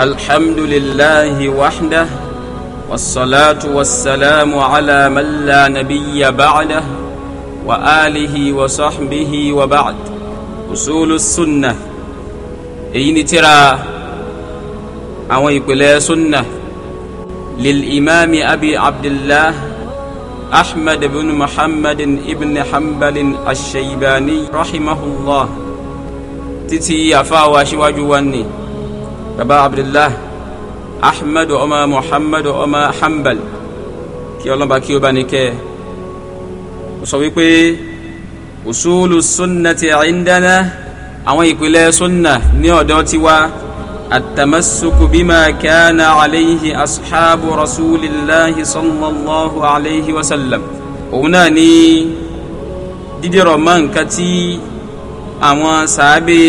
الحمد لله وحده والصلاة والسلام على من لا نبي بعده وآله وصحبه وبعد أصول السنة إين ترى أوي يقول سنة للإمام أبي عبد الله أحمد بن محمد ابن حنبل الشيباني رحمه الله تتي أفاوى شواجواني baba abdullahi ahmed ọmọ muhammed ọmọ hanbal kí ọlọ́ba kí ó bá ní kẹ́ ọ sọ wípé usulu sunnati indana àwọn ìpìlẹ̀ sunna ní ọ̀dọ̀ tiwa التمسك بما كان عليه أصحاب رسول الله صلى الله عليه وسلم òun náà ni dídìrọ̀ mọ́ nǹkan tí àwọn sàábé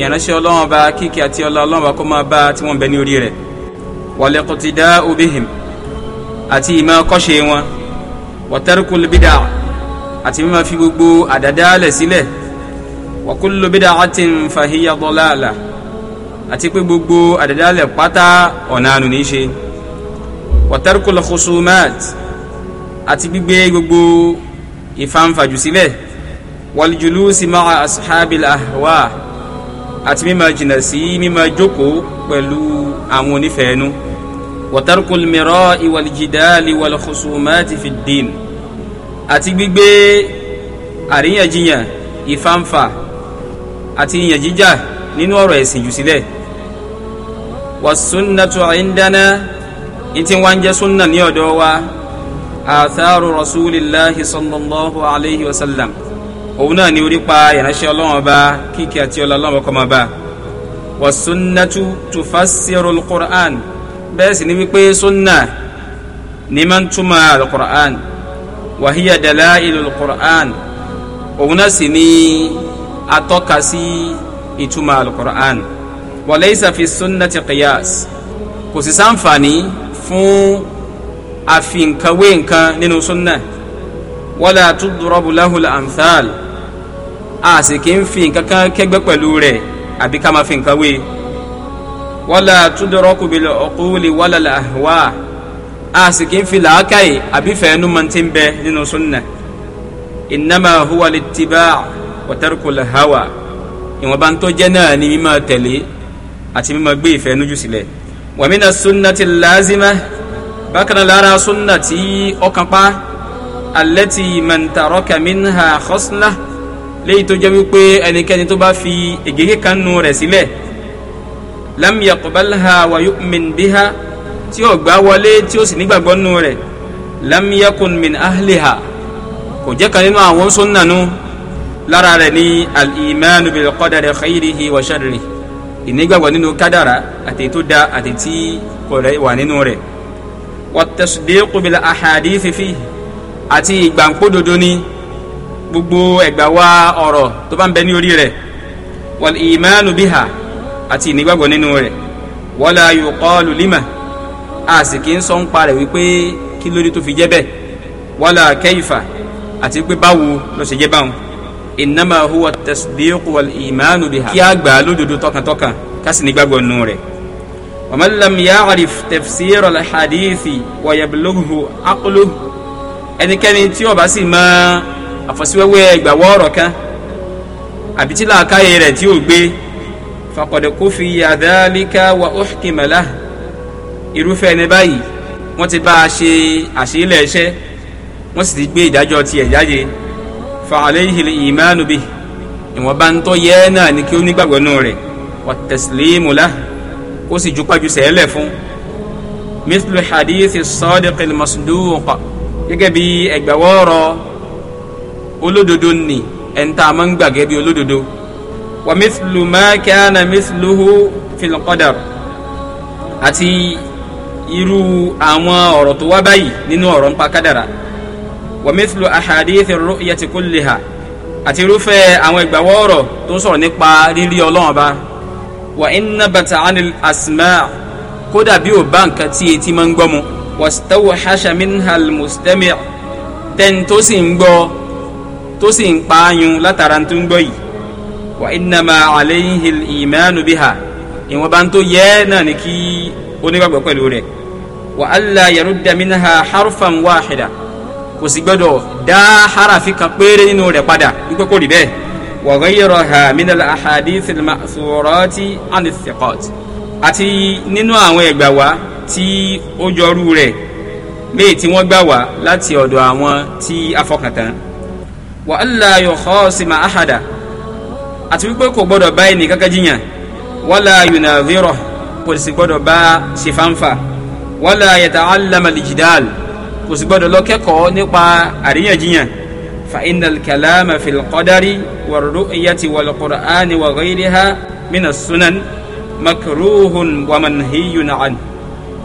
ìránṣẹ́ ọlọ́run bá kíkẹ́ àti ọlá ọlọ́run bá kó máa bá tí wọ́n bẹ ní orí rẹ̀ wàlẹ́kùtìdá obìhìm àti ìmọ̀ kọ́ṣe wọn wàtẹ́rùkùlù bídà àti mímọ̀ fi gbogbo àdàdálẹ̀ sílẹ̀ wàkùlù bídà àti fàhíyà dọ́làlà àti pé gbogbo àdàdálẹ̀ pátá ọ̀nà ànú ní í ṣe wàtẹ́rùkùlù kùsùmáàt àti gbígbé gbogbo ìfanfàjù sílẹ̀ wàlùjùlù sí máa ashabil ahwa àti mímọ jìnnà sí mímọ jókòó pẹ̀lú àwọn onífẹ̀ẹ́nu watarkul mira'i wal jidali wal khusumati fid din àti gbígbé àríyànjiyàn ìfànfà àti ìyàn jíjà nínú ọ̀rọ̀ ẹ̀sìn jù sílẹ̀ wasunnatu indana ìtì wá ń jẹ́ sunna ní ọ̀dọ̀ wa atharu rasulillahi sallallahu alayhi wa sallam òun náà ni orípa ìránṣẹ́ ọlọ́run ọba kíkẹ́ àti ọlá ọlọ́run ọkọ̀ máa bá wà sunnatu tufassiru al-Qur'an bẹ́ẹ̀ sì ni wípé sunna ni máa ń túmọ̀ al-Qur'an wa hiya dalailu al-Qur'an òun náà sì ni atọ́ka sí ìtumọ̀ al-Qur'an wa laysa fi sunnati qiyas kò sì sáǹfààní fún àfi nǹkan wé nǹkan nínú sunna wala tudrabu lahul amthal a sì kì í fi nǹkan kan kẹgbẹ́ pẹ̀lú rẹ̀ àbí ká máa fi nǹkan wé wala tudraku bil uquli wala al ahwa a sì kì í fi làákàyè àbí fẹ́ẹ́nu máa ti ń bẹ nínú sunna innama huwa littiba' wa tarkul hawa ìwọ̀nba ń tó jẹ́ náà ni mímọ́ tẹ̀lé àti mímọ́ gbé ìfẹ́ nújú sílẹ̀ wa mina sunnati lazima bákan lára sunna tí ọkàn pa alẹ́tì mẹ́ntàrọ́kà mínà xọ́sílá léyìí tó jẹ́ wípé ẹnikẹ́ni tó bá fi ègégé kan nu rẹ̀ sílẹ̀ lam yaqbalha wa yu'min biha tí ó gbà wọlé tí ó sì nígbàgbọ́ nu rẹ̀ lam yakun min ahliha kò jẹ́ kan nínú àwọn sunnanu lára rẹ̀ ní al-imanu bil qadari khayrihi wa ìnígbàgbọ́ nínú kádàrá àti tó da àti tí kò wà nínú rẹ̀ wa tasdiqu bil ahadithi àti ìgbàǹpódodo ni gbogbo ẹ̀gbà wa ọ̀rọ̀ tó bá ń bẹ ní orí rẹ̀ wal imanu biha àti ìnígbàgbọ́ nínú rẹ̀ wala yuqalu lima a sì kì í sọ ń pa rẹ̀ wípé kí lórí tó fi jẹ́ bẹ́ẹ̀ wala kayfa àti pé báwo ló ṣe jẹ́ báwọn innama huwa tasdiq wal imanu kí a gbà lódodo tọkàntọkàn ká sì nígbàgbọ́ nínú rẹ̀. ومن لم يعرف تفسير ẹnikẹ́ni tí ó bá sì mọ àfọ̀síwẹ́wẹ́ ìgbàwọ́ ọ̀rọ̀ kan àbí tí làákàyè rẹ̀ tí ò gbé faqad kufiya dhalika wa uhkima lah irúfẹ́ ẹni báyìí wọ́n ti bá a ṣe àṣìlẹ̀ ẹ̀ṣẹ̀ wọ́n sì ti gbé ìdájọ́ tiẹ̀ jáde fa alayhi al-imanu ìwọ̀nba ń tọ́ yẹ́ náà ni kí ó nígbàgbọ́ nù rẹ̀ wa taslimu lah ó sì jupájú sẹ́lẹ̀ fún mithlu hadithi sadiqil masduq gẹ́gẹ́ bí ẹgbẹ̀wọ́rọ̀ olódodo nì ẹ̀ńtà máa ń gbà gẹ́gẹ́ bí olódodo wà mísìlù máa kana mísìlùhù fil qadar àti irú àwọn ọ̀rọ̀ tó wá báyìí nínú ọ̀rọ̀ ń pa kádàrà wà mísìlù ahadithi ru'yati kulliha àti irúfẹ́ àwọn ẹgbẹ̀wọ́rọ̀ tó sọ̀rọ̀ nípa rírí ọlọ́run bá wà inna bàtà anil asma kódà bí ò bá nǹkan tí etí máa ń gbọ́ mu wastawhasha minha al-mustami' tẹ́ni tó sì ń gbọ́ tó sì ń paayun látara tó ń gbọ́ yìí wa innama alayhi al-imanu biha ìwọ̀n bá ń tó yẹ náà ni kí onígbàgbọ́ pẹ̀lú rẹ̀ wa alla yarudda minha harfan wahida kò sì gbọ́dọ̀ dá harafi kan péré nínú rẹ̀ padà wípé kò rí bẹ́ẹ̀ wa ghayraha min al-ahadith al-ma'thurati an al àti nínú àwọn ẹgbàá wa tí ó jọrú rẹ̀ léyìí tí wọ́n gbà wá láti ọ̀dọ̀ àwọn tí afọkàntán wa alla yukhasima ahada àti wípé kò gbọ́dọ̀ bá ẹnì kankan jiyàn wala yunadhiro kò sì gbọ́dọ̀ bá ṣe fanfa wala yata'allama kò sì gbọ́dọ̀ lọ nípa àríyànjiyàn fa innal kalama fil qadari war ru'yati wal qur'ani wa sunan makruhun wa manhiyun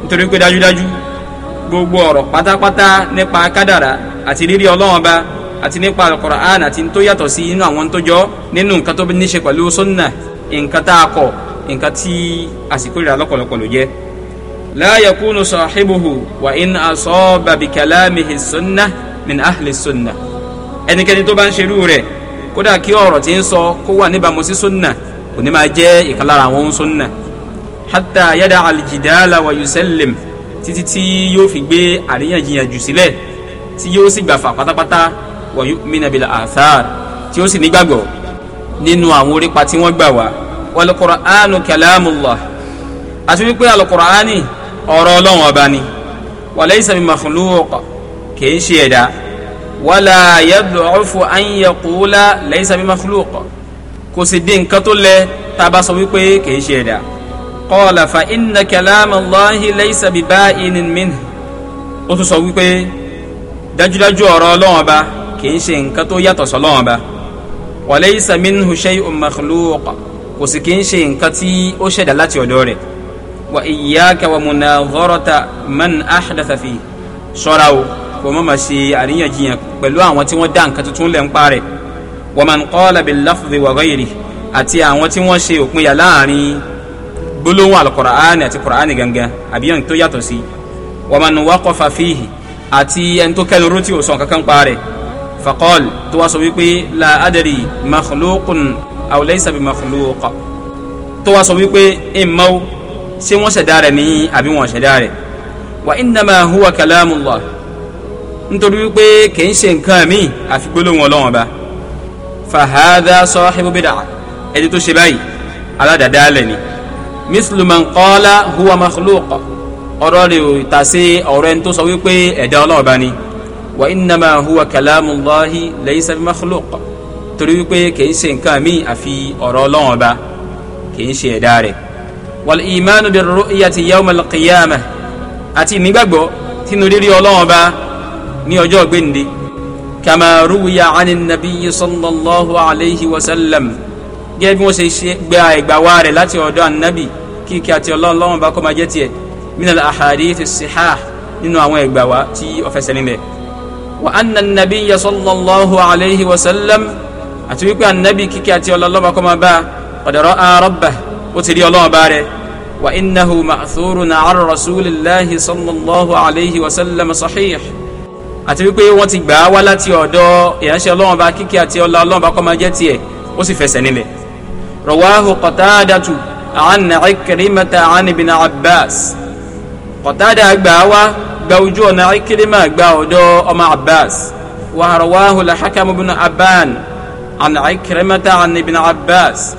nítorí pé dájúdájú gbogbo ọ̀rọ̀ pátápátá nípa kádàrá àti rírí ọlọ́wọ́n ba àti nípa alukur'an àti tó yàtọ̀ sí inú àwọn tó jọ nínú nǹkan tó ní ṣe pẹ̀lú sunna nǹkan tá a kọ nǹkan tí àsìkò rírà lọ́pọ̀lọpọ̀ jẹ́. la yakunu sahibuhu wa in asaba bi kalamihi sunna min ahli sunna. ẹnikẹ́ni tó bá ń ṣerú rẹ̀ kódà kí ọ̀rọ̀ tí ń sọ kó wà níbàámu sí sunna kò ní máa jẹ́ ìkan àwọn sunna hatta yada aljidala wa yusallim títí tí yóò fi gbé àríyànjiyàn jù sílẹ̀ tí yóò sì gbàfà pátápátá wa yu'mina bil athar tí ó sì nígbàgbọ́ nínú àwọn orípa tí wọ́n gbà wá wal Qur'anu kalamullah àti wípé al-Qur'ani ọ̀rọ̀ ọlọ́run ọba ni wa laysa min makhluq kìí ṣe ẹ̀dá wala yad'ufu an yaqula laysa min makhluq kò sì dín nǹkan tó lẹ tá a bá sọ wípé kìí ṣe ẹ̀dá. قال فإن كلام الله ليس laysa منه، ba'inin minhu ó tún sọ wípé dájúdájú ọ̀rọ̀ Ọlọ́run Ọba kì í ṣe nǹkan tó yàtọ̀ sọ́lọ́run Ọba wa laysa minhu shay'un makhluq kò sì kì í ṣe nǹkan tí ó ṣẹ̀dá láti ọ̀dọ̀ rẹ̀ wa iyyaka wa munadharata man ahdatha fi ṣọ́ra o kò má ma ṣe àríyànjiyàn pẹ̀lú àwọn tí wọ́n dá nǹkan tuntun lẹ̀ ń parẹ́ wa man qala bil lafzi wa ghayrihi àti àwọn tí wọ́n ṣe òpinya láàrin gbólóhùn alukur'ani àti kur'ani gangan àbí ẹni tó yàtọ̀ sí waman waqafa fihi àti ẹni tó kẹnu rúti ò sàn kankan paarẹ faqal tó wá sọ wípé la adari makhluqun aw laysa bi makhluq tó wá sọ wípé ìmọ̀ ṣé wọ́n ṣẹ̀dá rẹ̀ ní àbí wọ́n ṣẹ̀dá rẹ̀ wa innama huwa kalamullah nítorí wípé kì í nǹkan mi àfi gbólóhùn ọlọ́wọ́n ba fahadha sahibu bid'ah ẹni tó ṣe báyìí aládàáda lẹ́ni mislu man qala huwa makhluq ọ̀rọ̀ rẹ̀ ò ta sí ọ̀rọ̀ ẹni tó sọ wípé ẹ̀dá ọlọ́ọ̀bá ni wa innama huwa kalamullahi laysa bi makhluq torí wípé kìí ṣe nǹkan mi àfi ọ̀rọ̀ ọlọ́ọ̀bá kìí ṣe ẹ̀dá rẹ̀ wal imanu bir ru'yati yawmal qiyamah àti ìmígbàgbọ́ tínú rírí ọlọ́ọ̀bá ní ọjọ́ gbẹ̀ǹde kama ruwiya ani nabiyyi sallallahu alayhi wa sallam gẹ́gẹ́ bí wọ́n ṣe ṣe gba ìgbàwá rẹ̀ láti ọ̀dọ̀ ànábì kíkẹ́ àti ọlọ́run lọ́wọ́n bá kọ́ máa jẹ́ tiẹ̀ minal ahadith as-sihah nínú àwọn ìgbàwá tí ó fẹsẹ̀ nílẹ̀ wa anna an-nabiyya sallallahu alayhi wa sallam àti wípé ànábì kíkẹ́ àti ọlọ́run bá kọ́ máa bá ọ̀dọ̀rọ̀ àrọ́bà ó ti rí ọlọ́run bá rẹ̀ wa innahu ma'thurun 'ala á wá láti ọ̀dọ̀ ìránṣẹ́ ọlọ́run bá kíkẹ́ àti ọlọ́run bá kọ́ رواه قتادة عن عكرمة عن ابن عباس قتادة أقباوة قوجون عكرمة قوجو أم عباس ورواه الحكم بن أبان عن عكرمة عن ابن عباس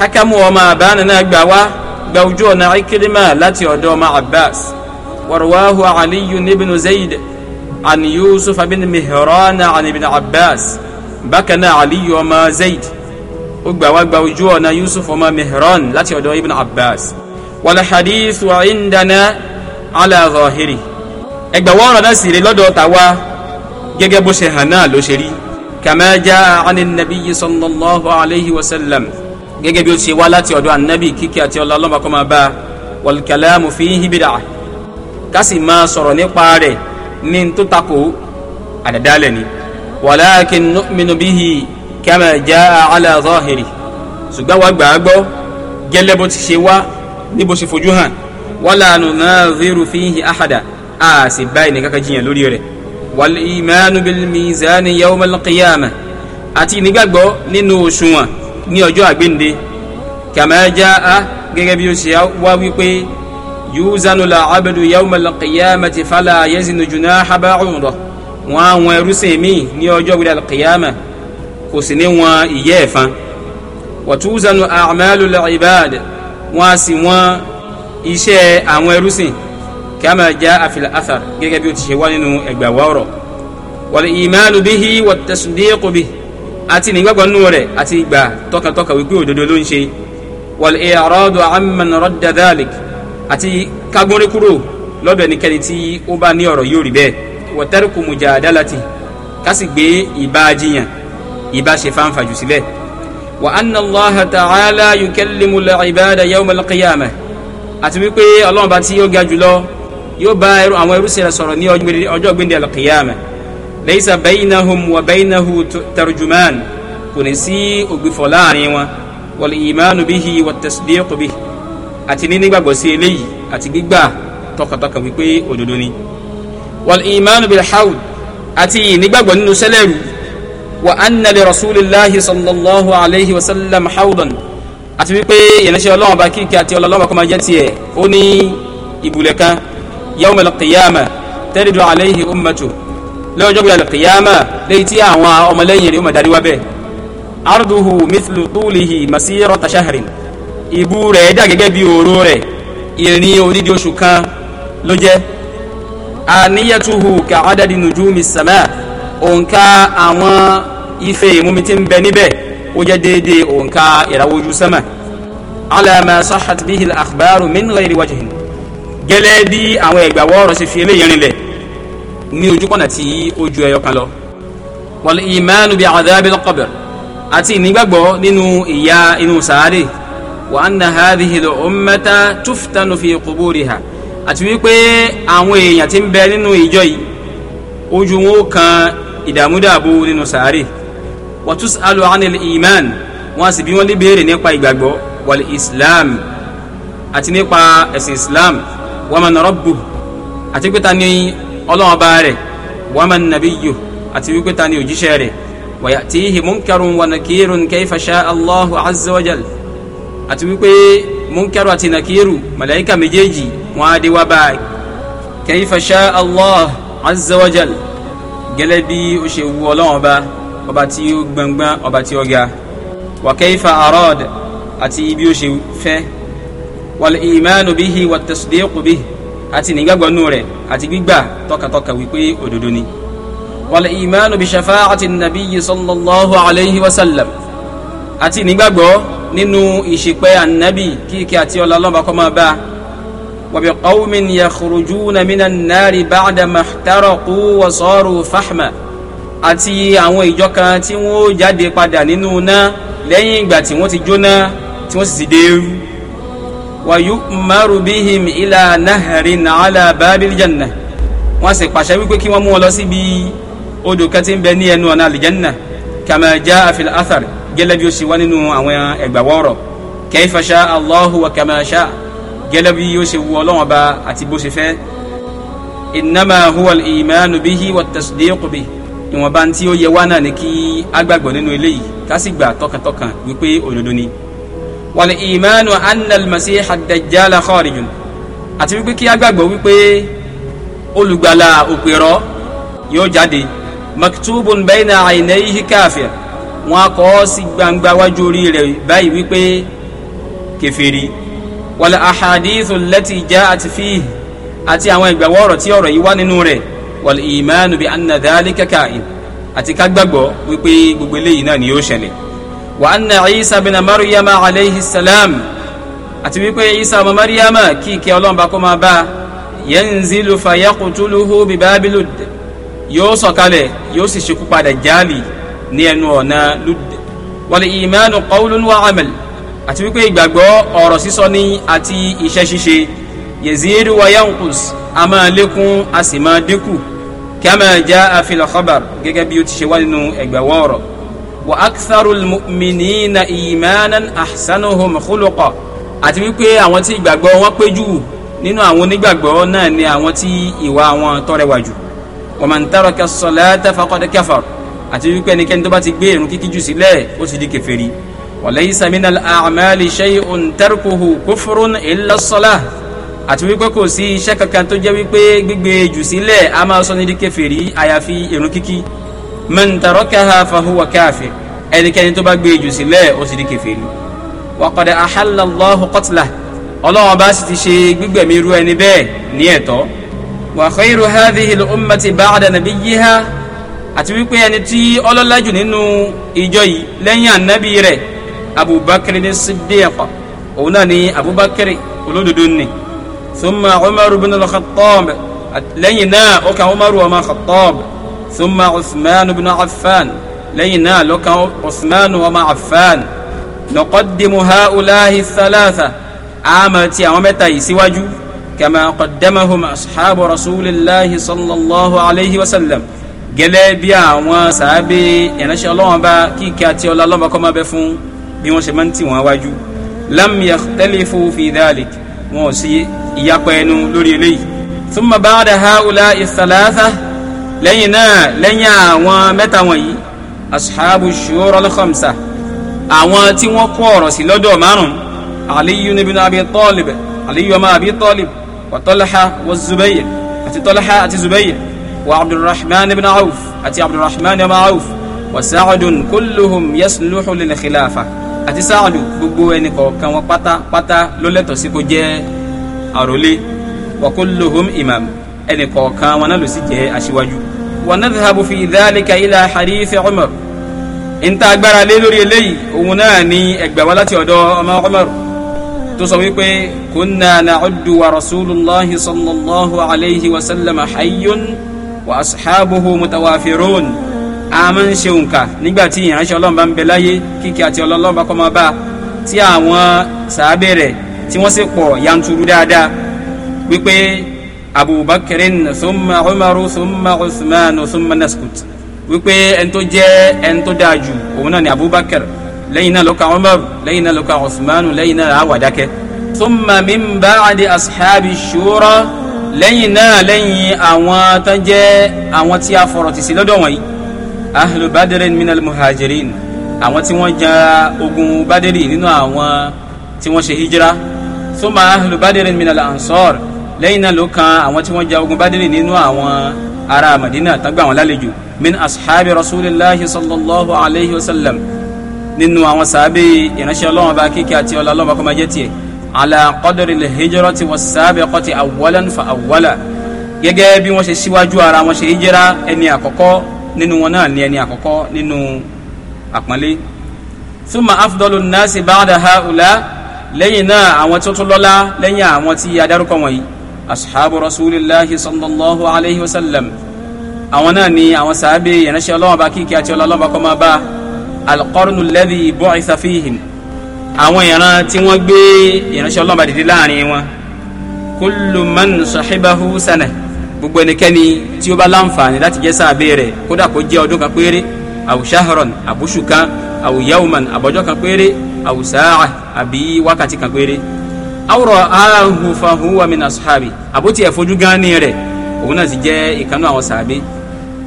حكم وما أبان أقباوة قوجون عكرمة التي أدوم عباس ورواه علي بن زيد عن يوسف بن مهران عن ابن عباس بكنا علي وما زيد ó gbà wá gba ojú ọ̀nà yusuf ọmọ mihran láti ọ̀dọ̀ ibn abbas wàlẹ̀ hadith wa indana ala zahiri ẹgbà wọ́n ọ̀rọ̀ náà sì rí lọ́dọ̀ tàwa gẹ́gẹ́ bó ṣe hàn náà ló ṣe rí kama jaa ani nabiyyi sallallahu alayhi wa sallam gẹ́gẹ́ bí ó ṣe wá láti ọ̀dọ̀ anabi kíkẹ́ àti ọlá ọlọ́mọ máa bá wal kalamu fihi bid'ah ká sì máa sọ̀rọ̀ nípa rẹ̀ ní tó takò àdàdálẹ̀ ni walakin nu'minu bihi kama jaa ala zahiri ṣùgbọ́n wa gbà á gbọ́ gẹ́lẹ́ bó ti ṣe wá ní bó ṣe fojú hàn wala nunadhiru fihi ahada a sì bá ẹnì kankan jiyàn lórí rẹ̀ wal imanu bil mizani yawmal qiyamah àti ìnigbàgbọ́ nínú òṣùwọ̀n ní ọjọ́ àgbéǹde kama jaa gẹ́gẹ́ bí ó ṣe wá wípé yuzanu la abdu yawmal qiyamati fala yazinu junaha ba'udah wọn àwọn ẹrú sèmí ní ọjọ́ wíwá al kò sì ní wọn ìyẹ́ ẹ̀fọn wàtúwùsànù àmàlù làìbáàd wọn a sì wọn iṣẹ́ àwọn ẹrúsìn kí a máa já àfìlà àthàr gẹ́gẹ́ bí ó ti ṣe wá nínú ẹgbà wọ́ọ̀rọ̀ wàlẹ̀ ìmáàlù bíhi wàtẹ̀sùndínkù bí àti nígbàgbọ́ nù rẹ̀ àti ìgbà tọkàntọkà wípé òdodo ló ń ṣe wàlẹ̀ ìyàrọ́dọ̀ àmàn rọ́dà dálík àti kágúnrí kúrò lọ́dọ̀ ẹnikẹ́ni tí ó bá ní ọ̀rọ̀ yóò rí bẹ́ẹ̀ wàtẹ́rùkù mùjà dálátì ká sì gbé ìbá jiyàn ìbá ṣe fáńfà jù sílẹ̀ wa anna Allaha ta'ala yukallimu al-ibada yawm al-qiyamah àti wípé ọlọ́run bá tí yóò ga jùlọ yóò bá àwọn ẹrúsìn rẹ̀ sọ̀rọ̀ ní ọjọ́ gbẹ̀ndẹ̀ al-qiyamah laysa baynahum wa baynahu tarjuman kò ní sí ògbìfọ̀ láàrin wọn wal imanu bihi wat tasdiq bihi àti ní nígbàgbọ́ sí eléyìí àti gbígbà tọkàntọkàn wípé òdodo ni wal imanu bil hawd àti ìnígbàgbọ́ nínú sẹ́lẹ̀rù وأن لرسول الله صلى الله عليه وسلم حوضا àti wípé ìránṣẹ́ ọlọ́run bá kíkẹ́ àti ọlọ́run bá kọ́ máa jẹ́ tiẹ̀ ó ní ìbùlẹ̀ kan yawm al-qiyama taridu alayhi ummatu lọ́jọ́ bí al-qiyama lẹ́yìn tí àwọn ọmọlẹ́yìn rẹ̀ ó máa darí wá arduhu mithlu tulihi masirata shahrin ìbú rẹ̀ dà gẹ́gẹ́ bí òru rẹ̀ ìrìn onídìí oṣù kan ló jẹ́ aniyatuhu ka'adadi nujumi sama òǹkà àwọn ife ìmumi tí ń bẹ níbẹ̀ ó jẹ́ déédéé òǹkà ìràwọ̀ ojú sánmà alama sahat bihi al-akhbaru min ghayri wajhin gẹ́lẹ́ bí àwọn ìgbàwọ́ ọ̀rọ̀ ṣe fi eléyìí rinlẹ̀ ní ojúkọ̀nà tí ó ju ẹyọ kan lọ wal imanu bi adhabil qabr àti ìnígbàgbọ́ nínú ìyà inú sàárè wa anna hadhihi al-ummata tuftanu fi quburiha àti wípé àwọn èèyàn tí ń bẹ nínú ìjọ yìí ojú wọn ó kan ìdààmúdàbò nínú sàárè wa tusalu anil iman wọ́n sì bi wọ́n lè béèrè nípa ìgbàgbọ́ wal islam àti nípa ẹ̀sìn islam wa man rabbuhu àti pé ta ni ọlọ́wọ́n bá rẹ̀ wa man àti wípé ta ni òjíṣẹ́ rẹ̀ wa ya'tihi munkarun wa nakirun kayfa sha'a Allahu azza àti wípé munkaru àti nakiru màláíkà méjèèjì wọ́n á dé wá báyìí kayfa Allahu azza wa bí ó ṣe wù Ọlọ́run ọba tí ó gbọ̀ngbọ̀n ọba tí ó ga wa kayfa arad àti ibi ó ṣe fẹ́ wal imanu bihi wat tasdiqu bihi àti nígbàgbọ́ nù rẹ̀ àti gbígbà tọkàtọkà wípé òdodo ni wal imanu bi shafa'ati nabiyyi sallallahu alayhi wa sallam àti nígbàgbọ́ nínú ìṣìpẹ̀ ànábì kíkì àti ọlá ọlọ́ba kọ́ máa bá wàbí qawmin yakhrujuna minan nari ba'da mahtaraqu wa saru fahma àti àwọn ìjọ kan tí wọ́n ó jáde padà nínú iná lẹ́yìn ìgbà tí wọ́n ti jóná tí wọ́n sì ti dèrú wàyú márùbíhìm ilà naharin nàálà bábílì jannah wọ́n sì pàṣẹ wípé kí wọ́n mú wọn lọ síbi odò kan tí ń bẹ ní ẹnu ọ̀nà àlìjánná kàmá jaa fil athar gẹ́lẹ́ bí ó ṣe wá nínú àwọn ẹgbàwọ́rọ̀ kayfa sha Allahu wa kàmá gẹ́lẹ́ bí ó ṣe wù Ọlọ́run Ọba àti bó ṣe fẹ́ innama huwa imanu bihi wa tasdiqu bihi ìwọ̀nba tí ó yẹ wá náà ni kí a gbàgbọ́ nínú eléyìí ká sì gbà tọkàntọkàn wípé òdodo ni. wal imanu anna al-masiha ad-dajjal kharijun àti wípé kí a gbàgbọ́ wípé olùgbàlà òpèrọ yóò jáde maktubun bayna aynayhi kafir wọn kọ ọ sí gbangba wájú orí rẹ̀ báyìí wípé kèfèrí wal ahadithu allati ja'at fihi àti àwọn ìgbàwọ́ tí ọ̀rọ̀ yìí wá nínú rẹ̀ wal imanu bi anna dhalika kain àti ká gbàgbọ́ wípé gbogbo eléyìí náà ni yóò ṣẹlẹ̀ wa anna isa bin maryama alayhi salam àti wípé isa ọmọ maryama kí ìkẹ́ ọlọ́run bá kó máa bá yanzilu fayaqtuluhu bi babilud yóò sọ̀kalẹ̀ yóò sì ṣekú pa Dajjali ní ẹnu ọ̀nà lud wal imanu qawlun wa amal àti wípé ìgbàgbọ́ ọ̀rọ̀ sísọ ní àti iṣẹ́ ṣíṣe yazidu wa yanqus a máa lékún a sì máa dínkù kama jaa fil khabar gẹ́gẹ́ bí ó ti ṣe wá nínú ẹgbẹ̀wọ́n ọ̀rọ̀ wa aktharul mu'minina imanan ahsanuhum khuluqa àti wípé àwọn tí ìgbàgbọ́ wọn pé jù nínú àwọn onígbàgbọ́ náà ni àwọn tí ìwà wọn tó rẹwà jù wa man taraka as-salata faqad kafar àti wípé ẹnikẹ́ni tó bá ti gbé irun kíkí jù sílẹ̀ ó sì di kèfèrí wa laysa minal a'mali shay'un tarkuhu kufrun illa as àti wípé kò sí iṣẹ́ kankan tó jẹ́ wípé gbígbé jù sílẹ̀ a máa sọ ní di kèfèrí àyàfi ìrun kíkí man tarakaha fahuwa kafir ẹnikẹ́ni tó bá gbé jù sílẹ̀ ó sì di kèfèrí. wa qad ahalla Allahu bá sì ti ṣe gbígbẹ̀mí irú ẹni bẹ́ẹ̀ ní ẹ̀tọ́. wa khayru hadhihi al-ummati ba'da nabiyyiha àti wípé ẹni tí ọlọ́lá jù nínú ìjọ yìí lẹ́yìn ànábì rẹ̀ Abubakar ní Siddiq òun náà ní Abubakar olódodo nìyí ثم عمر بن الخطاب لينا لك عمر وما خطاب ثم عثمان بن عفان لينا لك عثمان وما عفان نقدم هؤلاء الثلاثة عامتي عمتي سواجو كما قدمهم أصحاب رسول الله صلى الله عليه وسلم gẹ́lẹ́ bí àwọn sàábé ìránṣẹ́ ọlọ́wọ́n bá kíkẹ́ àti ọlá ọlọ́wọ́n kọ́ máa bẹ fún bí wọ́n ṣe máa ń tì wọ́n ìyapa ẹnu lórí eléyìí thumma ba'da ha'ula'i thalatha lẹ́yìn náà lẹ́yìn àwọn mẹ́ta wọ̀nyí ashabu shura al-khamsa àwọn tí wọ́n kó ọ̀rọ̀ sí lọ́dọ̀ márùn-ún aliyu ibn abi talib aliyu ọmọ abi talib wa talha wa zubayr àti talha àti zubayr wa abdulrahman ibn awf àti abdulrahman ibn awf wa sa'adun kulluhum yasluhu lil khilafa àti sa'adu gbogbo ẹnì kọ̀ọ̀kan wọn pátápátá ló lẹ́tọ̀ọ́ sí kó jẹ́ àròlé wa kulluhum imam ẹnì kọ̀ọ̀kan wọn náà ló sì jẹ́ aṣíwájú. wa nadhhabu fi dhalika ila hadith Umar nta agbára lé lórí eléyìí òun náà ni ẹgbà wá láti ọ̀dọ̀ ọmọ Umar tó sọ wípé kunna na'uddu wa rasulullahi sallallahu alayhi wa sallam hayyun wa ashabuhu mutawafirun a máa ń ṣe òǹkà nígbà tí ìránṣẹ́ Ọlọ́run ń bẹ láyé kíkẹ́ àti Ọlọ́run kọ́ máa bá tí àwọn sàábẹ̀ rẹ̀ tí wọ́n sì pọ̀ yanturu dáadáa wípé abubakirin summa umaru summa usman summa naskut wípé ẹni tó jẹ́ ẹni tó dáa jù òun náà ni abubakar lẹ́yìn náà ló kàn umaru lẹ́yìn náà ló kàn usman lẹ́yìn náà àwàdákẹ́ summa min ba'di ashabi shura lẹ́yìn náà lẹ́yìn àwọn tó jẹ́ àwọn tí a fọ̀rọ̀ tì sí lọ́dọ̀ wọ̀nyí ahlu badirin minal muhajirin àwọn tí wọ́n jà ogun badiri nínú àwọn tí wọ́n ṣe hijira súnmọ́ ahlu badiri minal ansor lẹ́yìn náà ló kan àwọn tí wọ́n ja ogun badiri nínú àwọn ará madina tán gbà wọ́n lálejò min ashabi rasulillahi sallallahu alayhi wa sallam nínú àwọn sàábì ìránṣẹ́ ọlọ́run bá kíkẹ́ àti ọlá ọlọ́run bá kọ́ máa jẹ́ tiẹ̀ ala qadri al-hijrati was-sabiqati awwalan fa awwala gẹ́gẹ́ bí wọ́n ṣe síwájú ara wọn ṣe hijira ẹni àkọ́kọ́ nínú wọn náà ní ẹni àkọ́kọ́ nínú àpọ́nlé. thumma afdalu an-nasi ha'ula lẹ́yìn náà àwọn tó tún lọ́lá lẹ́yìn àwọn tí adarúkọ wọ̀nyí asuhabu rasulillahi sallallahu alayhi wa sallam àwọn náà ni àwọn sàábé ìránṣẹ́ ọlọ́wọ́n bá kíkẹ́ àti ọlọ́wọ́n bá kọ́ máa bá alqarnu alladhi bu'itha fihim àwọn ìran tí wọ́n gbé ìránṣẹ́ ọlọ́wọ́n bá dìde láàrin wọn kullu man sahibahu sana gbogbo ẹnikẹ́ni tí ó bá láǹfààní láti jẹ́ sàábé rẹ̀ kódà kó jẹ́ ọdún kan péré aw àbúṣù kan aw yawman àbọ̀jọ́ kan péré aw sa'a àbí wákàtí kan péré aw ra'ahu fa huwa min ashabi àbótí ẹ̀ fojú gánni rẹ̀ òun náà sì jẹ́ ìkànnú àwọn sàbí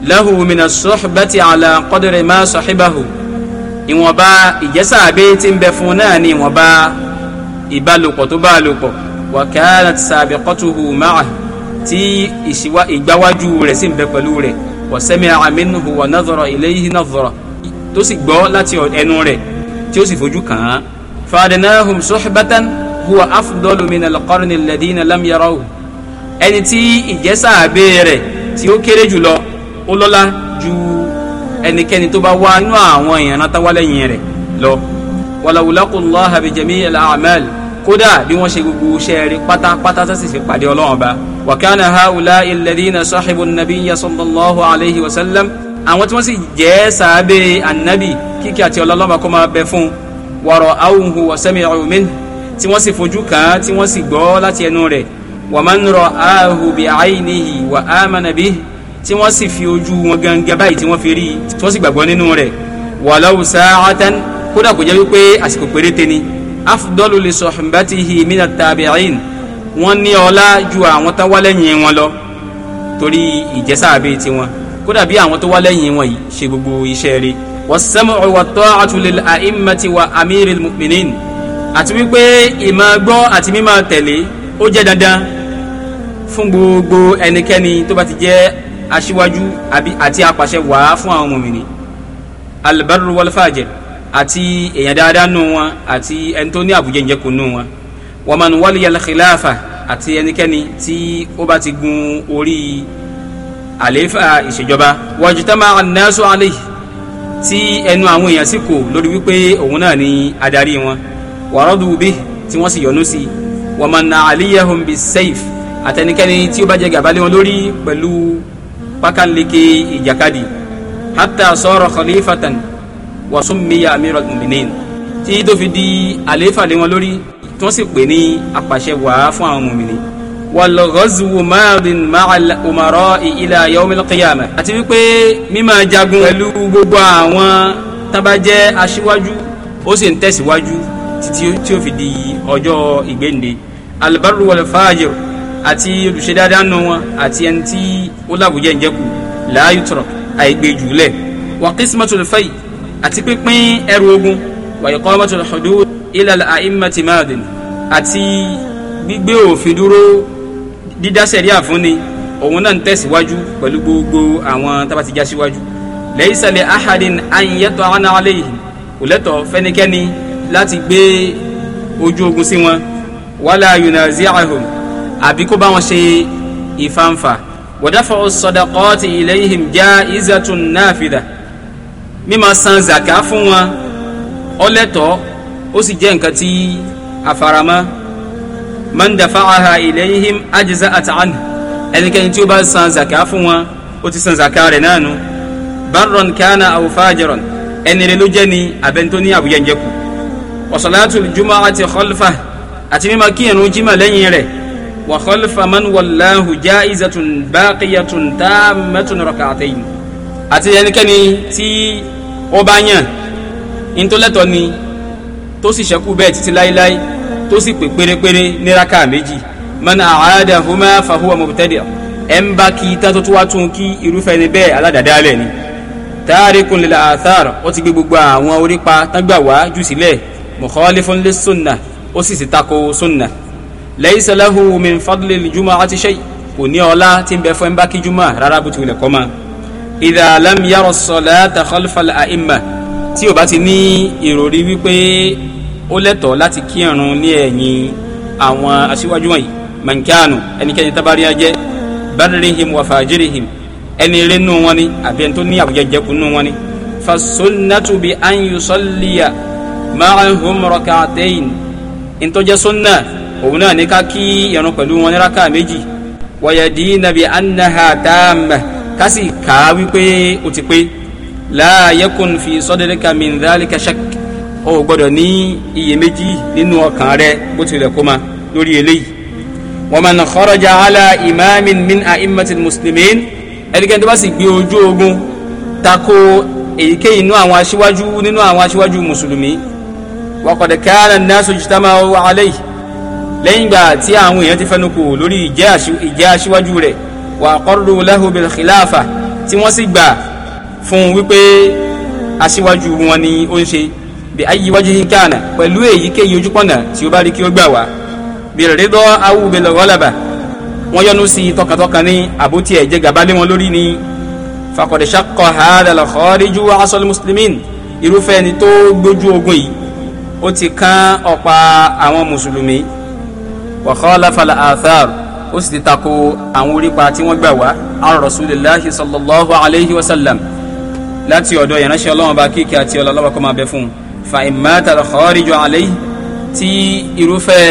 lahu min as-suhbati ala qadri ma sahibahu ìwọ̀nba ìjẹ́sàbí tí ń bẹ fún náà ni ìwọ̀nba ìbálòpọ̀ tó bá lòpọ̀ wa kanat sabiqatuhu ma'a tí ìgbáwájú rẹ̀ sì ń bẹ pẹ̀lú rẹ̀ wa sami'a minhu wa nadhara ilayhi nadhara tó sì gbọ́ láti ẹnu rẹ̀ tí ó sì fojú kàn án. fàdínàhùn sọ́hbátán huwa afdọ́lù mi nàlẹ́ kọ́rin lẹ́dínà lámìyàráwò ẹni tí ìjẹ́sàbẹ̀ rẹ̀ tí ó kéré jùlọ ó lọ́lá ju ẹnikẹ́ni tó bá wá inú àwọn èèyàn látàwálẹ́yìn rẹ̀ lọ. wàlàwùlákùnlọ́hà bìjẹ̀mí ẹ̀ làmẹ́lì kódà bí wọ́n ṣe gbogbo iṣẹ́ rí pátápátá tó sì fi pàdé ọlọ́run ba. wa kana haula alladhina sahibu an-nabiyya sallallahu alayhi wa sallam àwọn tí wọ́n sì jẹ́ sàábẹ́ anabi kíkẹ́ àti ọlọ́lọ́ba kó máa bẹ fún wàrọ̀ awùhù ọ̀sẹ́mi ọ̀hún tí wọ́n sì fojú kàn án tí wọ́n sì gbọ́ láti ẹnu rẹ̀ wàmán rọ̀ áhùbì àìníhì wà ámànàbí tí wọ́n sì fi ojú wọn gangan báyìí tí wọ́n fi rí tí wọ́n sì gbàgbọ́ nínú rẹ̀ wàláwù sáátán kódà kò jẹ́ wípé àsìkò péréte ni afdọ́lù torí ìjẹ́sàbẹ̀ tiwọn kódà bí àwọn tó wá lẹ́yìn wọn yìí ṣe gbogbo iṣẹ́ rẹ̀ was-sam'u wat-ta'atu lil a'immati wa amiril mu'minin àti wípé ìmọ̀ gbọ́ àti mímọ̀ tẹ̀lé ó jẹ́ dandan fún gbogbo ẹnikẹ́ni tó bá ti jẹ́ aṣíwájú àti apàṣẹ wàá fún àwọn mùmìnì al-barru àti èèyàn dáadáa nù wọn àti ẹni tó ní àbújá ìjẹkù nù wọn wa man waliya al-khilafa àti ẹnikẹ́ni tí ó bá ti gun orí àlééfà ìṣèjọba wajitama annasu alayhi tí ẹnu àwọn èèyàn sì kò lórí wípé òun náà ni adarí wọn wàrọ́dù bí tí wọ́n sì yọ́nú sí wàmàna aliyahum bi saif àtẹnikẹ́ni tí ó bá jẹ gàbálẹ̀ wọn lórí pẹ̀lú pákànleke ìjàkadì hatta sara khalifatan wa summiya amiral mu'minin tí tó fi di àlééfà lé wọn lórí tí wọ́n sì pè ní apàṣẹ wàá fún àwọn mùmìnì wàlọ́gọ́zùwò máàrin máàlá òmàrọ́ ìlà yọmílì kìyàmẹ́. àti wípé mímọ jagun pẹ̀lú gbogbo àwọn tábàjẹ́ aṣíwájú ó sì ń tẹ̀síwájú títí tí ó fi di ọjọ́ ìgbéǹde alibaru wàlfàjìr àti olùṣe dáadáa nù wọn àti ẹni tí ó làbújẹ́ ìjẹ́kù láàyè tọ̀rọ̀ àìgbè jùlẹ̀ wà qismatul fay àti pínpín ẹrù ogun wà iqamatul hudud ila al àti gbígbé òfin dúró dídá sẹ̀ríà fún ni òun náà ń tẹ̀síwájú pẹ̀lú gbogbo àwọn tábà ti já síwájú laysa li ahadin an yata'ana alayhim kò lẹ́tọ̀ fẹ́nikẹ́ni láti gbé ojú ogun sí wọn wala yunazi'ahum àbí kó bá wọn ṣe ìfanfà wa dafa'u as-sadaqati ilayhim ja'izatun nafidah mímọ san zaka fún wọn ó ó sì jẹ́ nǹkan tí afaramọ́ man dafa'aha ilayhim ajza'at anhu ẹnikẹ́ni tí ó bá san zaka fún wọn ó ti san zaka rẹ̀ náà nu barron kana aw fajiron ẹni rẹ̀ ló jẹ́ ni abẹ́ntó ní àbúyẹ̀njẹ́ kù wa salatul jumu'ati khalfa àti mímọ kí ẹ̀rùn jimá lẹ́yìn rẹ̀ wa khalfa man wallahu jaizatun baqiyatun tammatun rak'atayn àti ẹnikẹ́ni tí ó bá yàn ní ni tó sì ṣẹ́kù bẹ́ẹ̀ títí láéláé tó sì pè pérépéré ní raka méjì man a'adahuma fahuwa mubtadi' ẹ̀ ń bá kí tátó tó wá tún kí irúfẹ́ ni bẹ́ẹ̀ aládàádáálẹ̀ ni tààríkùn lil àthar ó ti gbé gbogbo àwọn orípa tágbà wá jù sílẹ̀ mukhalifun lis sunnah ó sì sì tako sunnah laysa lahu min fadlil jumu'ati shay kò ní ọlá tí ń bẹ fún ẹ̀ ń bá kí jùmọ̀ rárá bó ti wulẹ̀ kọ́ máa idha lam yara as-salata tí o bá ti ní ìròrí wípé ó lẹ́tọ̀ọ́ láti kí irun ní ẹ̀yìn àwọn aṣíwájú wọ̀nyí mankanu ẹnikẹ́ni tabariya jẹ́ barrihim wa fajirihim ẹni eré nù wọn ni àbí ẹni tó ní àbújẹjẹ kù nù wọn ni fasunatu bi an yusalliya ma'ahum rak'atayn ntọ́jẹ́ sunna òun náà ní ká kí irun pẹ̀lú wọn ní raka méjì wa yadina bi annaha tammah ká wípé ó ti pé la yakun fi sadrika min dhalika o ò gbọ́dọ̀ ní iyèméjì nínú ọkàn rẹ bó tilẹ̀ kó ma lórí eléyìí wa man kharaja ala imamin min a'immatil muslimin ẹnikẹ́ni tó bá sì gbé ojú ogun tako èyíkéyìí nínú àwọn aṣíwájú nínú àwọn aṣíwájú mùsùlùmí wa qad kana an-nasu ijtama'u alayhi lẹ́yìn ìgbà tí àwọn èèyàn ti fẹnukò lórí ìjẹ́ aṣíwájú rẹ̀ wa aqarru lahu bil tí wọ́n sì gbà fún wípé aṣíwájú wọn ni ó ń ṣe bí ayi wajhin kana pẹ̀lú èyíkéyìí ojúpọ̀nà tí ó bá rí kí ó gbà wá bil ridha aw bil ghalaba wọ́n yọ́nú sí i tọkàntọkàn ní àbótí ẹ̀jẹ̀ gàba lé wọn lórí ni faqad shaqqa hadha al khariju wa asal muslimin irúfẹ́ ẹni tó gbójú ogun yìí ó ti kán ọ̀pá àwọn mùsùlùmí wa khalafa al athar ó sì ti tako àwọn orípa tí wọ́n gbà wá an rasulillahi láti ọ̀dọ̀ ìránṣẹ́ ọlọ́wọ́n bá kíkẹ́ àti ọlọ́wọ́ kọ́ máa bẹ fún un fa ìmáta lọ́kọ́rìjọ àlẹ́ tí irúfẹ́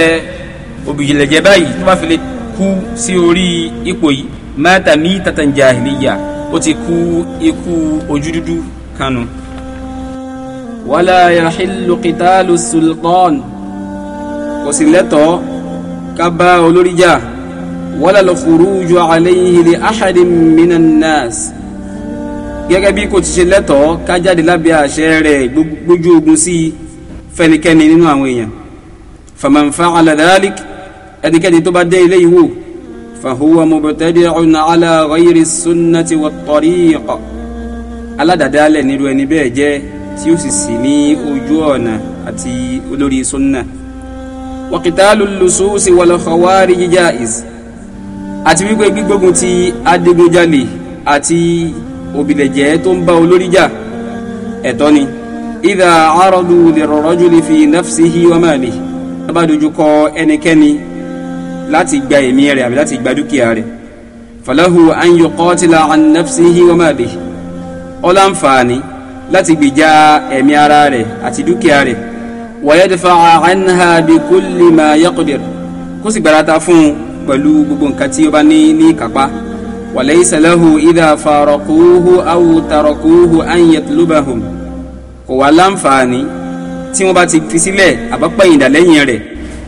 òbíjìlẹ̀jẹ̀ báyìí tó bá fi lè kú sí orí ipò yìí máta mí tatan jahiliya ó ti kú ikú ojú dúdú kanu. wala yahillu qitalu sultan kò sì lẹ́tọ̀ọ́ ká bá olórí jà wala lọ́kọ́rìjọ àlẹ́ yìí li ahadin minan nas gẹ́gẹ́ bí kò ti ṣe lẹ́tọ̀ọ́ ká jáde lábẹ́ àṣẹ rẹ̀ gbogbo gbójú ogun sí fẹnikẹ́ni nínú àwọn èèyàn faman fa'ala dhalik ẹnikẹ́ni tó bá dé ilé yìí wò fahuwa mubtadi'un ala ghayri sunnati wa tariqa aládàdálẹ̀ nírú ẹni bẹ́ẹ̀ jẹ́ tí ó sì sì ní ojú ọ̀nà àti olórí sunna wa qitalul lususi wal khawarij jaiz àti wípé gbígbógun ti adigunjalè àti òbílẹ̀jẹ́ tó ń bá olórí jà ẹ̀tọ́ ni idha aradu lirrajuli fi nafsihi wa malihi tó bá dojú kọ ẹnikẹ́ni láti gba ẹ̀mí rẹ̀ àbí láti gba dúkìá rẹ̀ falahu an yuqatila an nafsihi wa malihi ó láǹfààní láti gbèjà ẹ̀mí ara rẹ̀ àti dúkìá rẹ̀ wa yadfa'a anha bi kulli ma yaqdir kó sì gbàràtà fún pẹ̀lú gbogbo nǹkan tí ó bá ní ní kápá wa laysa lahu idha faraquhu aw tarakuhu kò wá láǹfààní tí wọ́n bá ti fi sílẹ̀ àbápẹ̀yìndà lẹ́yìn rẹ̀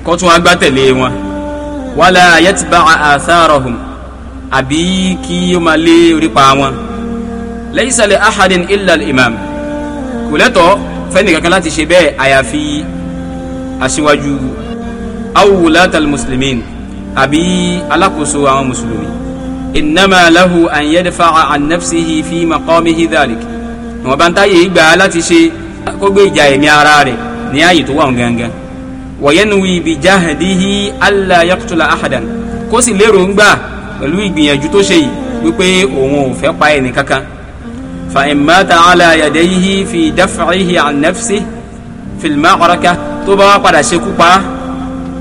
kó tún agbá tẹ̀lé wọn wala yẹtìbá àtharahum àbí kí ó máa lé orí pa wọn laysa li ahadin illa imam kò lẹ́tọ̀ọ́ fẹ́ni láti ṣe bẹ́ẹ̀ àyàfi aṣíwájú awulatal muslimin àbí alákòóso àwọn mùsùlùmí innama an yadfa'a an fi maqamihi dhalik ìwọ̀n bá ń táyè gbà á láti ṣe kó gbé ìjà ẹ̀mí ara rẹ̀ ní ààyè tó wà ń gangan wọ̀yẹ́nuwi bi jahadihi alla yaqtula ahadan kó sì lérò ń gbà pẹ̀lú ìgbìyànjú tó ṣe yìí wípé òun ò fẹ́ pa ẹnì kankan fa in mata ala yadayhi fi daf'ihi an nafsihi fil tó bá wá padà ṣekú pa á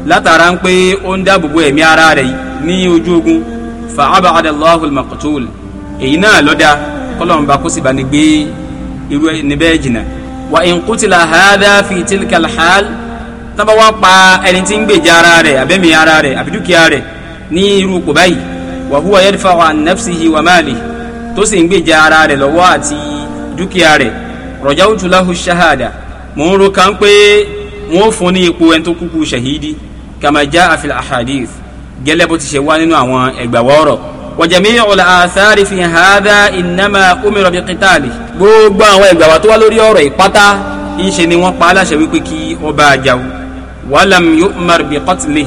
látara ń pé ó ń dáàbòbò ẹ̀mí ara rẹ̀ ní ojú ogun fa abadallahu èyí náà lọ́dà kọ́lọ́mùbá kó sì bá ní gbé irú ẹni bẹ́ẹ̀ jìnnà wa in qutila hadha fi tilka alhal tábà wá pa ẹni tí ń gbèjà ara rẹ̀ abẹ́mi ara rẹ̀ àbí dúkìá rẹ̀ ní irú kò báyìí wa huwa yadfa'u an nafsihi wa malihi tó sì ń gbèjà ara rẹ̀ lọ́wọ́ àti dúkìá rẹ̀ rajawtu lahu shahada mò ń ro kan pé wọ́n fún ní ipò ẹni tó kúkú shahidi kama jaa fil ahadith bó ti ṣe wá nínú àwọn ẹgbàá وجميع الآثار في هذا إنما أمر omira bíi kìtàlì. gbogbo àwọn ìgbà wa tó wá lórí ọ̀rọ̀ ìpátá ńṣe ni wọ́n pa aláṣẹ wípé kí ọba àjàù wàlám yu'mar bíi kọ́tìlì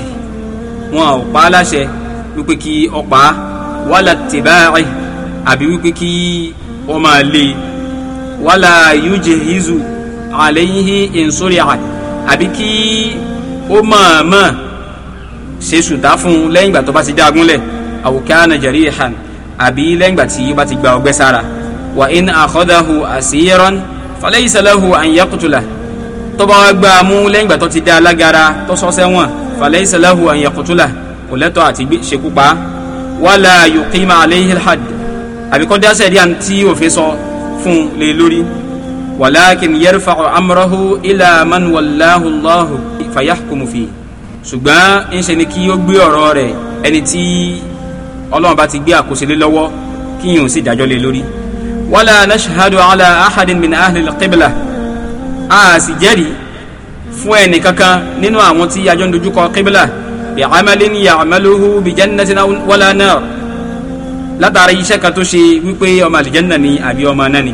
wọn ò pa aláṣẹ wípé kí ọpa wàlá tìbáàrì àbí wípé kí ọmọ àlè wàlá yujihizu àlẹ́yìnhí ìnsúrìà àbí kí ó mọ̀ọ́mọ̀ ṣe sùtá fún un ìgbà tó bá ti dá agúnlẹ̀ àwòkánà jarihan àbí lẹ́yìn ìgbà tí ó bá ti gba ọgbẹ́ sára wa in akhadahu asiran falaysa lahu an yaqtula tó bá wá gbá a mú lẹ́yìn ìgbà tó ti dá alágara tó sọ sẹ́wọ̀n falaysa lahu an yaqtula kò lẹ́tọ̀ àti ṣekú pa wala yuqima alayhi alhad àbí kọ́ dáṣẹ́ díà òfin sọ fún lè lórí walakin yarfa'u amrahu ila man wallahu ṣùgbọ́n ń ṣe ni kí ó gbé ọ̀rọ̀ rẹ̀ ẹni tí ọlọ́run bá ti gbé àkóso lé lọ́wọ́ kí yìí ò sì dájọ́ lé lórí. wala nashhadu ala ahadin min ahli al-qibla a sì jẹ́rìí fún ẹnì kankan nínú àwọn tí ajọ́ ń dojúkọ qibla bi amalin ya'maluhu bi jannatin wala nar látara iṣẹ́ kan tó ṣe wípé ọmọ àlìjẹ́nà ni àbí ọmọ náà ni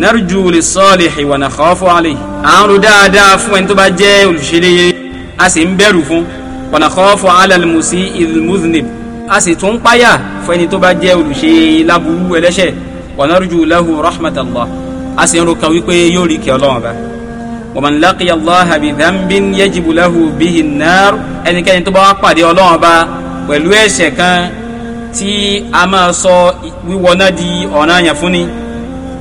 narju lis-salihi wa nakhafu alayhi à dáadáa fún ẹni tó bá jẹ́ olùṣèlérí a sì ń bẹ̀rù fún wa nakhafu ala al-musii al-muznib a sì tún páyà fún ẹni tó bá jẹ́ olùṣe láburú ẹlẹ́ṣẹ̀ wa narju lahu rahmatallah a sì ń ro kan wípé yóò rí kí ọlọ́run bá wa man laqiya Allaha bi dhanbin yajibu lahu bihi an-nar ẹnikẹ́ni tó bá wá pàdé ọlọ́run bá pẹ̀lú ẹ̀ṣẹ̀ kan tí a máa sọ wíwọ́ná di ọ̀ranyàn fún ni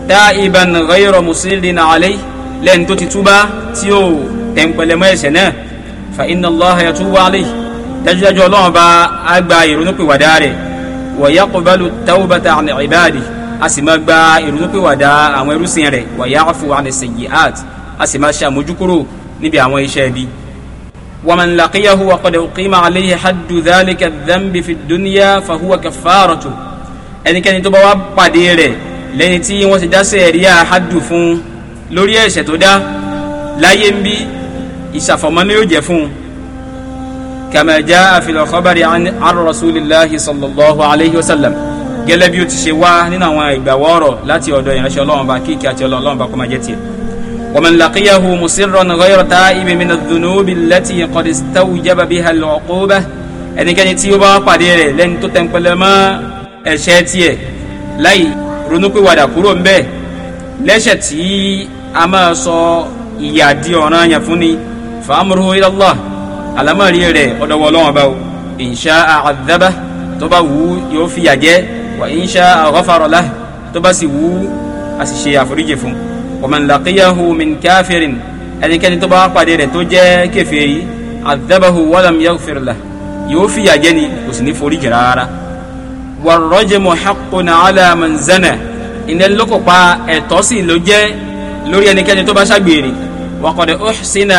taiban ghayra musirin alayhi lẹ́ni tó ti túbá tí ó tẹ̀ǹpẹ̀lẹ̀mọ́ ẹ̀ṣẹ̀ náà fa inna Allaha yatubu alayhi dájúdájú ọlọ́run bá á gba ìrònúpìwàdá rẹ̀ wa yaqbalu tawbata an ibadi a sì máa gba ìrònúpìwàdá àwọn ẹrúsìn rẹ̀ wa ya'fu an sayyi'at a sì máa ṣàmójúkúrò níbi àwọn iṣẹ́ ibi. ومن لقيه وقد أقيم عليه حد ذلك الذنب في الدنيا فهو كفارة ẹnikẹ́ni tó bá wá pàdé rẹ̀ lẹ́ni tí wọ́n ti dá sẹ̀ríà hádù fún lórí ẹ̀ṣẹ̀ tó dá láyé ń bí ìṣàfọ̀mọ́ ni yóò jẹ́ fún un كما جاء في الخبر عن عن رسول الله صلى الله عليه وسلم gẹ́lẹ́ bí ó ti ṣe wá nínú àwọn ìgbàwọ́ ọ̀rọ̀ láti ọ̀dọ̀ ìránṣẹ́ Ọlọ́run bá kíkì àti Ọlọ́run bá kó máa jẹ́ tiẹ̀. ومن لقيه مصرا غير تائب من الذنوب التي قد استوجب بها العقوبة ẹnikẹ́ni tí ó bá pàdé rẹ̀ lẹ́ni tó tẹ̀ǹpẹ̀lẹ̀ mọ́ ẹ̀ṣẹ̀ tiẹ̀ láì ronúpìwàdà kúrò ńbẹ̀ lẹ́ṣẹ̀ tí a máa sọ ìyà di ọ̀ranyàn fún ni fàámùrù ila Allah àlámọ̀rí rẹ̀ ọ̀dọ̀wọ̀ ọlọ́wọ́n bá o insha àdábà tó bá wù ú yóò fìyà jẹ wà insha àgọ́fàrọ̀lá tó bá sì wù ú a sì ṣe àforíjì fún wa man laqiyahu min káfírin ẹnikẹ́ni tó bá pàdé rẹ̀ tó jẹ́ kèfèrí àdábàhu walam yaghfir lahu yóò fìyà jẹ ni kò sì ní foríjì rárá warrajmu haqqun ala man zana ìnẹ́lókòpa ẹ̀tọ́ sì ló jẹ́ lórí ẹnikẹ́ni tó bá ṣàgbèrè wa qad uhsina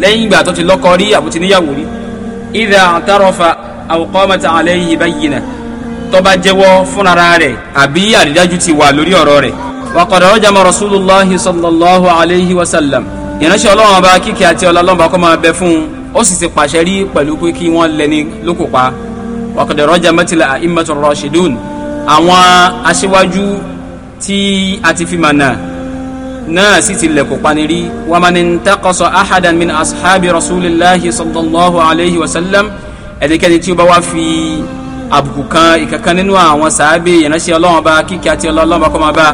lẹ́yìn ìgbà tó ti lọ́kọ rí àbò ti níyàwó rí ìdá àtàrọ̀fà àwòkọ́mọ̀tà àlẹ́yìn bayyina tó bá jẹ́wọ́ fúnra rẹ̀ àbí àrídájú ti wà lórí ọ̀rọ̀ rẹ̀ wàkọ̀dọ̀rọ̀ jama rasulullahi sallallahu alayhi wa sallam ìránṣẹ́ ọlọ́run ọba kíkẹ́ àti ọlọ́run ọba kọ́ máa bẹ fún un ó sì ti pàṣẹ rí pẹ̀lú pé kí wọ́n lẹ́ni lóko pa wàkọ̀dọ̀rọ̀ jama tilẹ̀ àìmọ̀tò rashidun àwọn aṣíwájú tí a ti fi mànà náà sì ti lẹ̀kọ̀ panirí wa man intaqasa ahadan min ashabi rasulillahi sallallahu alayhi wa sallam ẹnikẹ́ni tí ó bá wá fi àbùkù kan ìkankan nínú àwọn sàábì ìránṣẹ́ ọlọ́run bá kíkẹ́ àti ọlọ́run bá kọ́ máa bá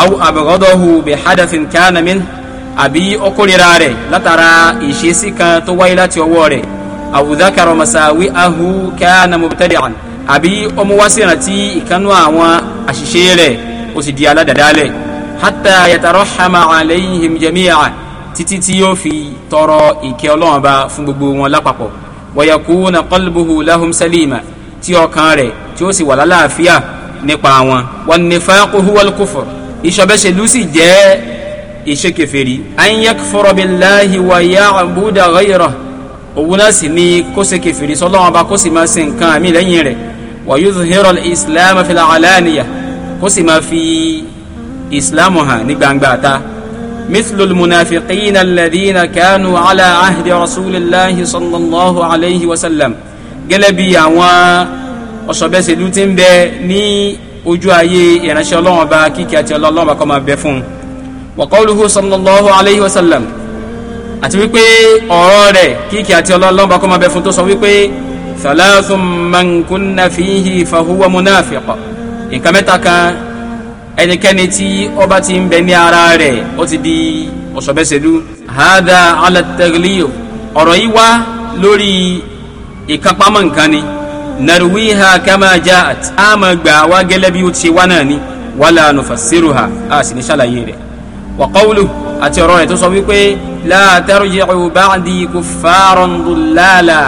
aw abghadahu bi hadathin kana min àbí ọkùnrinra rẹ̀ látara ìṣesí kan tó wáyé láti ọwọ́ rẹ̀ aw dhakara masawi ahu kana mubtadi'an àbí ọmọ wá sí ìrántí ìkanú àwọn àṣìṣe rẹ̀ ó sì di aládàdálẹ̀ hatta yatarahama alayhim jami'a títí tí yóò fi tọrọ ìkẹ́ ọlọ́run bá fún gbogbo wọn lápapọ̀ wa yakuna qalbuhu lahum salima tí ọkàn rẹ̀ tí ó sì wà lálàáfíà nípa wọn wan nifaqu huwal kufr ìṣọ̀bẹ́sẹ̀lú sì jẹ́ ìṣe kèfèrí an yakfura billahi wa ya'buda ghayra òun náà sì ní kó ṣe kèfèrí sọ́lọ́run bá kó sì máa ṣe nǹkan àmì lẹ́yìn islam fil alaniya kó sì fi ìsìláàmù hàn ní gbangba ta مثل المنافقين الذين كانوا على عهد رسول الله صلى الله عليه وسلم gẹ́lẹ́ bí àwọn ọ̀sọ̀bẹ́sẹ̀lú tí ń bẹ ní ojú ayé ìránṣẹ́ ọlọ́run ọba kíkẹ́ àti ọlọ́run ọba kó máa bẹ fún un waqauluhu sallallahu alayhi wa sallam àti wípé ọ̀rọ̀ rẹ̀ kíkẹ́ àti ọlọ́run ọba kó máa bẹ fún tó sọ wípé thalathun man fahuwa munafiq nǹkan mẹ́ta kan ẹnikẹ́ni tí ọba ti ń bẹ ní ara rẹ̀ ó ti di ọ̀sọ̀bẹ́sẹ̀lú. hada ala tagliyo ọ̀rọ̀ yìí wá lórí ìkápámọ́ nǹkan ni narwiha kama jaat a máa gbà wá gẹ́lẹ́ bí ó ti wá náà ni wala nufassiruha a sì ní ṣàlàyé rẹ̀. wa àti ọ̀rọ̀ rẹ̀ tó sọ wípé la tarji'u ba'di kuffaran dullala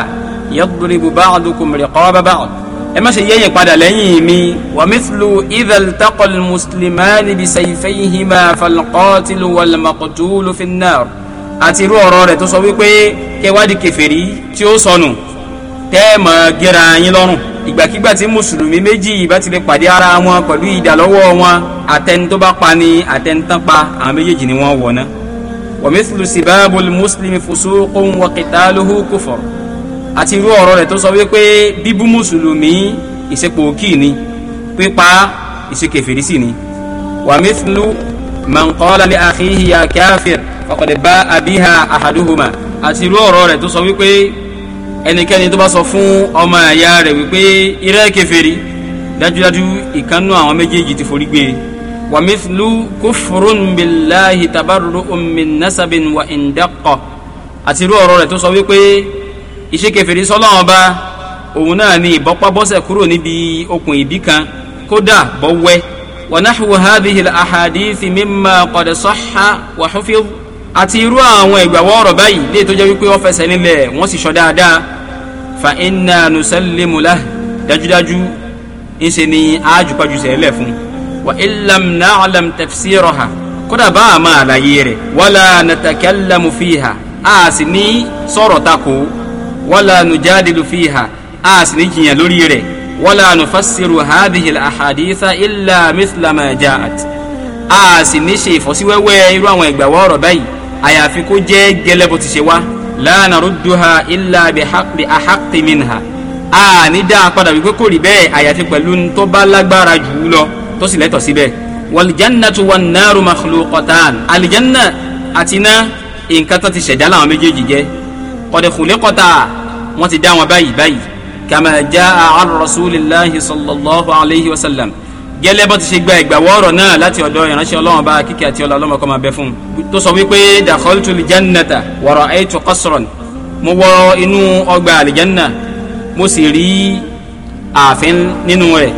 yadribu ba'dukum riqaba ba'd ẹ má ṣe yẹ̀yìn padà lẹ́yìn mi wa mithlu idha iltaqa al-muslimani bisayfayhima fal-qatilu wal àti irú ọ̀rọ̀ rẹ̀ tó sọ wípé kẹwádìí kèfèrí tí ó sọnù tẹ́ẹ̀mọ̀ gẹ́ra yín lọ́rùn ìgbàkigbà tí mùsùlùmí méjì bá ti lè pàdé ara wọn pẹ̀lú ìdálọ́wọ́ wọn àtẹni pa ni àtẹni àwọn méjèèjì ni wọ́n wọ̀ ná. wa sibabul muslimi fusuqun wa qitaluhu kufr àti irú ọ̀rọ̀ rẹ̀ tó sọ wípé bíbú mùsùlùmí ìsepòókì ni pípa ìsekèfèrí sí ni wàmífìlú mọ̀nkọ́lá ní àkíhì ya káfíìr faqad bá abiha ahaduhuma àti irú ọ̀rọ̀ rẹ̀ tó sọ wípé ẹnikẹ́ni tó bá sọ fún ọmọ ẹ̀yà rẹ̀ wípé irẹ́ kèfèrí dájúdájú ìkànnú àwọn méjèèjì ti forí gbé wàmífìlú kúfurún billahi tabarru'un min nasabin wa indaqqa àti irú ọ̀rọ̀ rẹ̀ tó sọ wípé ìṣekèfèrè sọ́lọ́run ọba òun náà ni ìbọ́pábọ́sẹ̀ kúrò níbi okùn ìbí kan kódà bọ́wẹ́ wọnáhùn hadhihi ahadith mimma qad sahha wa hufidh àti irú àwọn ìgbàwọ́ ọ̀rọ̀ báyìí lè tó jẹ́ wípé wọ́n fẹsẹ̀ nílẹ̀ wọ́n sì sọ dáadáa fa inna nusallimu lahu dájúdájú ńṣe ni ájùpájù sẹ́lẹ̀ fún wa illam na'lam tafsiraha kódà bá a máa àlàyé rẹ̀ wala natakallamu fiha a sì ní sọ̀rọ̀ tako wala nujadilu fiha a sì ní jiyàn lórí rẹ̀ wala nufassiru hadhihi al-ahaditha illa mithla ma ja'at a sì ní ṣe ìfọ́síwẹ́wẹ́ irú àwọn ìgbàwọ́ ọ̀rọ̀ báyìí àyàfi kó jẹ́ gẹ́lẹ́ bó ti ṣe wá la narudduha illa bi ahaqqi minha a ní dáa padà wípé kò rí bẹ́ẹ̀ àyàfi pẹ̀lú tó bá lágbára jù ú lọ tó sì lẹ́tọ̀ síbẹ̀. waljannatu wan naru makhluqatan alijanna àti iná nǹkan tó ti ṣẹ̀dá làwọn méjèèjì jẹ́ qad khuliqata wọ́n ti dá wọn báyìí báyìí kama jaa an rasulillahi sallallahu alayhi wa sallam gẹ́lẹ́ bó ti ṣe gba ìgbàwọ́ ọ̀rọ̀ náà láti ọ̀dọ̀ ìránṣẹ́ Ọlọ́run bá kíkẹ́ àti ọlọ ọlọmọkọ máa bẹ fún un tó sọ wípé dakhaltu aljannata wa ra'aytu qasran mo wọ inú ọgbà àlìjánná mo sì rí ààfin nínú rẹ̀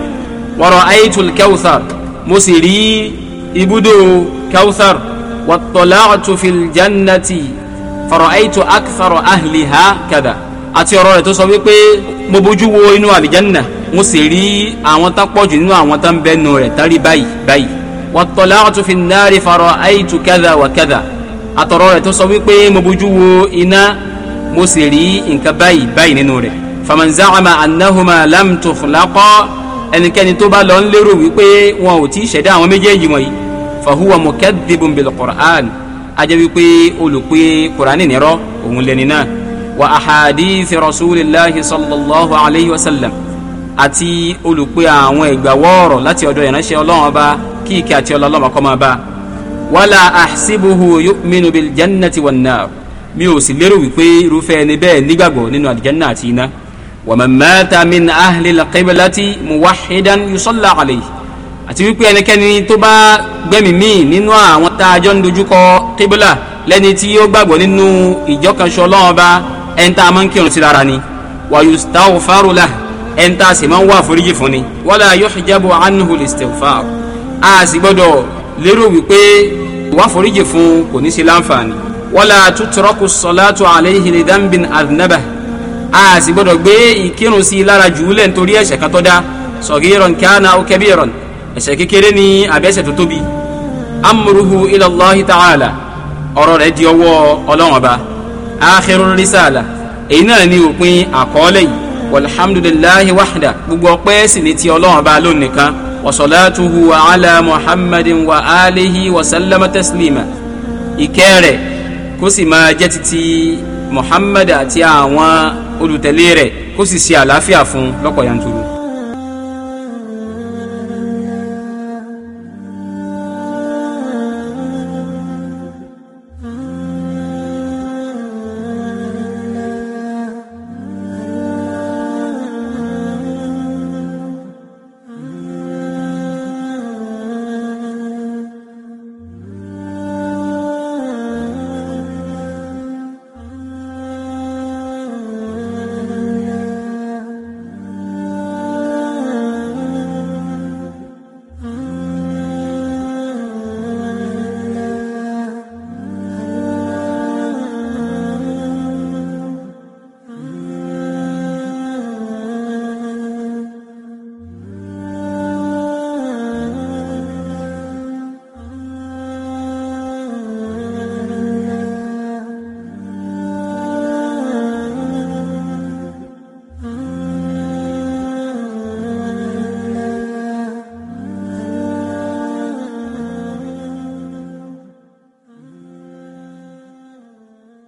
wa ra'aytu alkawthar mo sì rí ibùdó kawthar wattala'tu fil jannati fa ra'aytu akthara ahliha kadha àti ọ̀rọ̀ rẹ̀ tó sọ wípé mo bójú wo inú àlìjánná mo sì rí àwọn tán pọ̀jù nínú àwọn tán bẹ́nu rẹ̀ tán rí báyìí báyìí wattala'tu fin nari fara'aytu kadha wa kadha àtọ̀rọ̀ rẹ̀ tó sọ wípé mo bójú wo iná mo sì rí nǹkan báyìí báyìí nínú rẹ̀ faman za'ama annahuma lam tukhlaqa ẹnikẹ́ni tó bá lọ ń lérò wípé wọn ò tí ì ṣẹ̀dá àwọn méjèèjì wọ̀nyí fahuwa mukadhibun bil qur'an ajẹ́ wípé olùpẹ́ qur'an nìrọ̀ òun wa ahadithi rasulillahi sallallahu alayhi wa sallam àti olùpẹ̀ àwọn ìgbàwọ́ọ̀rọ̀ láti ọ̀dọ̀ ìránṣẹ́ ọlọ́run ọba kí ìkẹ́ àti ọlọ́run ọkọ máa bá wala ahsibuhu yu'minu bil jannati wan nar mi ò sì lérò wípé irúfẹ́ ẹni bẹ́ẹ̀ nígbàgbọ́ nínú àlìjánná àti iná wa man mata min ahli al-qiblati muwahhidan yusalla alayhi àti wípé ẹnikẹ́ni tó bá gbẹ̀mí míì nínú àwọn tá a jọ ń dojúkọ qibla lẹ́ni tí ó gbàgbọ́ nínú ìjọ kan ṣoṣo ọlọ́run ọba ẹni tá a máa ń kírun sí lára ni wa yustaghfaru lah ẹni tá a sì máa ń wá àforíjì fún ni wala yuhjabu anhu listighfar a sì gbọ́dọ̀ lérò wípé wá àforíjì fún kò ní sí láǹfààní wala tutraku salatu alayhi li dhanbin adnaba a sì gbọ́dọ̀ gbé ìkírun sí lára jùúlẹ̀ nítorí ẹ̀ṣẹ̀ kana aw kabiran ẹ̀ṣẹ̀ kékeré ni àbí ẹ̀ṣẹ̀ tó tóbi amruhu ila ta'ala ọ̀rọ̀ rẹ̀ di ọwọ́ Ọlọ́run akhirur risala èyí náà ni òpin àkọọ́lẹ̀ yìí walhamdulillahi wahda gbogbo ọpẹ́ sì ni ti ọlọ́run bá lónìí kan wasalatuhu ala muhammadin wa alihi wa sallama taslima ìkẹ́ rẹ̀ kó sì máa jẹ́ títí muhammad àti àwọn olùtẹ̀lé rẹ̀ kó sì ṣe àlàáfíà fún lọ́pọ̀ yanturu.